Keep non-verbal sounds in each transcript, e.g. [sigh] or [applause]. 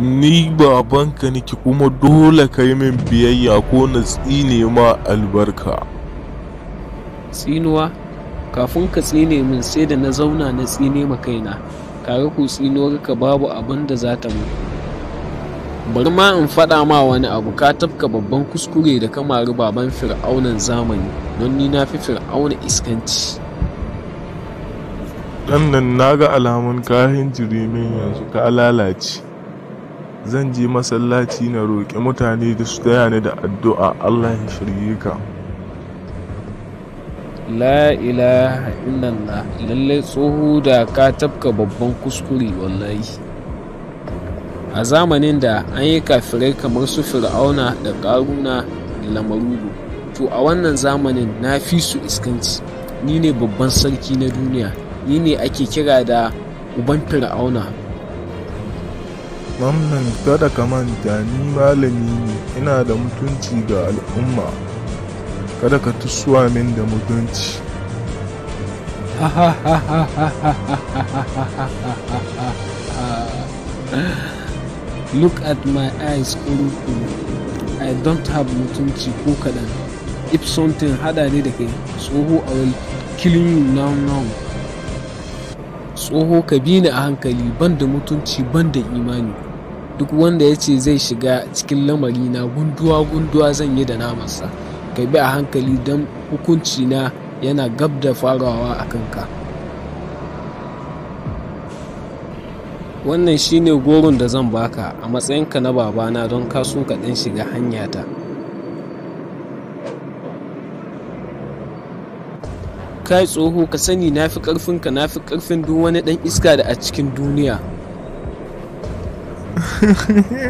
ni babanka nake kuma dole ka yi min biyayya ko na tsine ma albarka tsinuwa kafin ka tsine min sai da na zauna na tsine ma kaina kaga ku tsinuwar ka babu abin da za ta mu bari ma in faɗa ma wani abu ka tafka babban kuskure da ka mari baban fir'aunan zamani don ni na fi fir'auna iskanci ɗan nan na ga alamun kahin jirimin yanzu ka lalace zan je masallaci na roƙi mutane da su daya ni da addu'a Allah ya shirye ka la ilaha illallah lallai tsoho da ka tafka babban kuskure wallahi a zamanin da an yi kafirai kamar su fir'auna da ƙaruna da Lamarugu, to a wannan zamanin na fi su iskanci ni ne babban sarki na duniya ni ne ake kira da uban fir'auna Mamman kada ka manta ni malami ne, ina da mutunci ga al'umma, kada ka tussuwa min da mutunci. [laughs] Look at my eyes, kuruku I don't have mutunci ko kaɗan. If something hada ne da kai, tsoho a will kill you now now. Tsoho ka bi ni a hankali ban da mutunci ban da imani. duk wanda ya ce zai shiga cikin lamari na gunduwa gunduwa zan yi da namansa ka bi a hankali don hukunci na yana gab da farawa a kanka wannan shine goron da zan baka a matsayinka na babana don ka so ka ɗan shiga hanyata kai tsoho ka sani na fi ƙarfinka na fi ƙarfin duk wani ɗan iska da a cikin duniya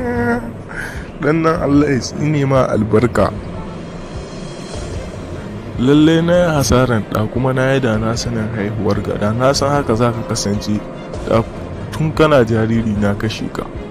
[laughs] dan nan allah ya tsine ma albarka lalle na yi hasaran da kuma na yi da na sanin haihuwar gada na san haka za ka kasance tun kana jariri na kashe ka